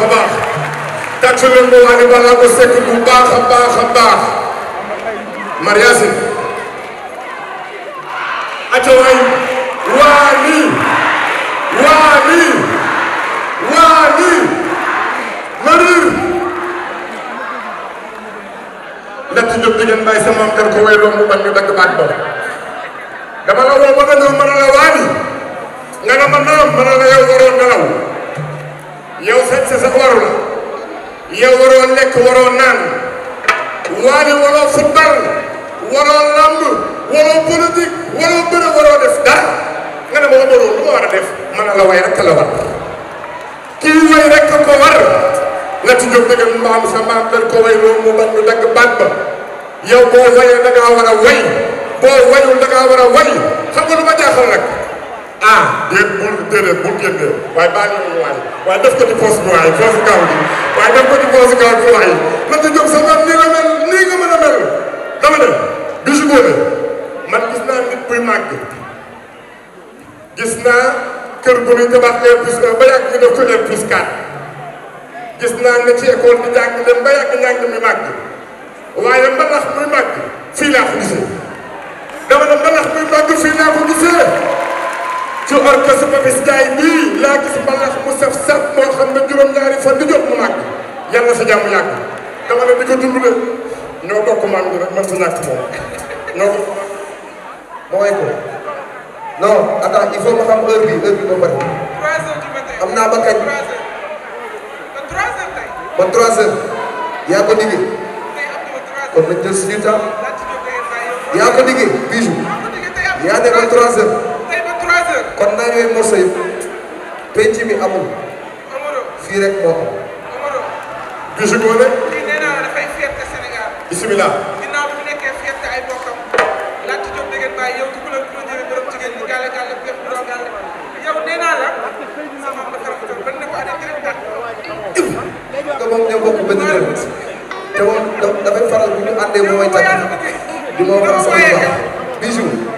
baax a baax tàccu leen ko Wally Ballago Seck bu baax a baax a baax mariage aco ay Wally Wally Wally marir ndaxte Diop diggante mbay sama am ko wéy loolu ban ñu dagg baat ba dama la woo ba nga ñëw mën na la Wally nga ne ma naam mën na la yow waroon nelaw yow sañ sa sax waru la yow waroo lekk waroo naan waane waroo football waroo lamb waroo politique waroo def dara ma waroo lu ma war a def mën a la war kii way rek ko war nga ci jóg dëgg mbaam sa mbaam dañ ko mu bañ dagg baat ba yow boo wayee da ngaa war a way boo wayul da ngaa war a way xam nga ma jaaxal nag ah déet bul déedéet bu génnee waaye bàyyi la waay waaye def ko ci poos bi waay poos gaaw gi waaye def ko ci poos gaaw gis naa nit naa kër gu ñu naa ci école bi jàng dem ba yàgg njàng mi màgg muy màgg fii laa ko bis jaay bii laa gis mbalax mu saf saf moo xam ne juróom-ñaari fan di jot mu màgg yàlla na sa jàmm yàgg dama ne di ko dund de ñoo bokk maam bi ko ma way ko il faut ma xam naa ba kañ ba trois yaa ko digg kon nañ jël suñu yaa ko digg bijou yaa ne ba kon naa yooyu morso yëpp mi amul fii rek moo dafay fierté ay bokkam. laajte jom da ngeen bàyyi yow dugg la dugg njëriñ borom jigéen ñi gàlle gàlle bu def bu doon moom ñoo bokk benn moom dafay faral bu moom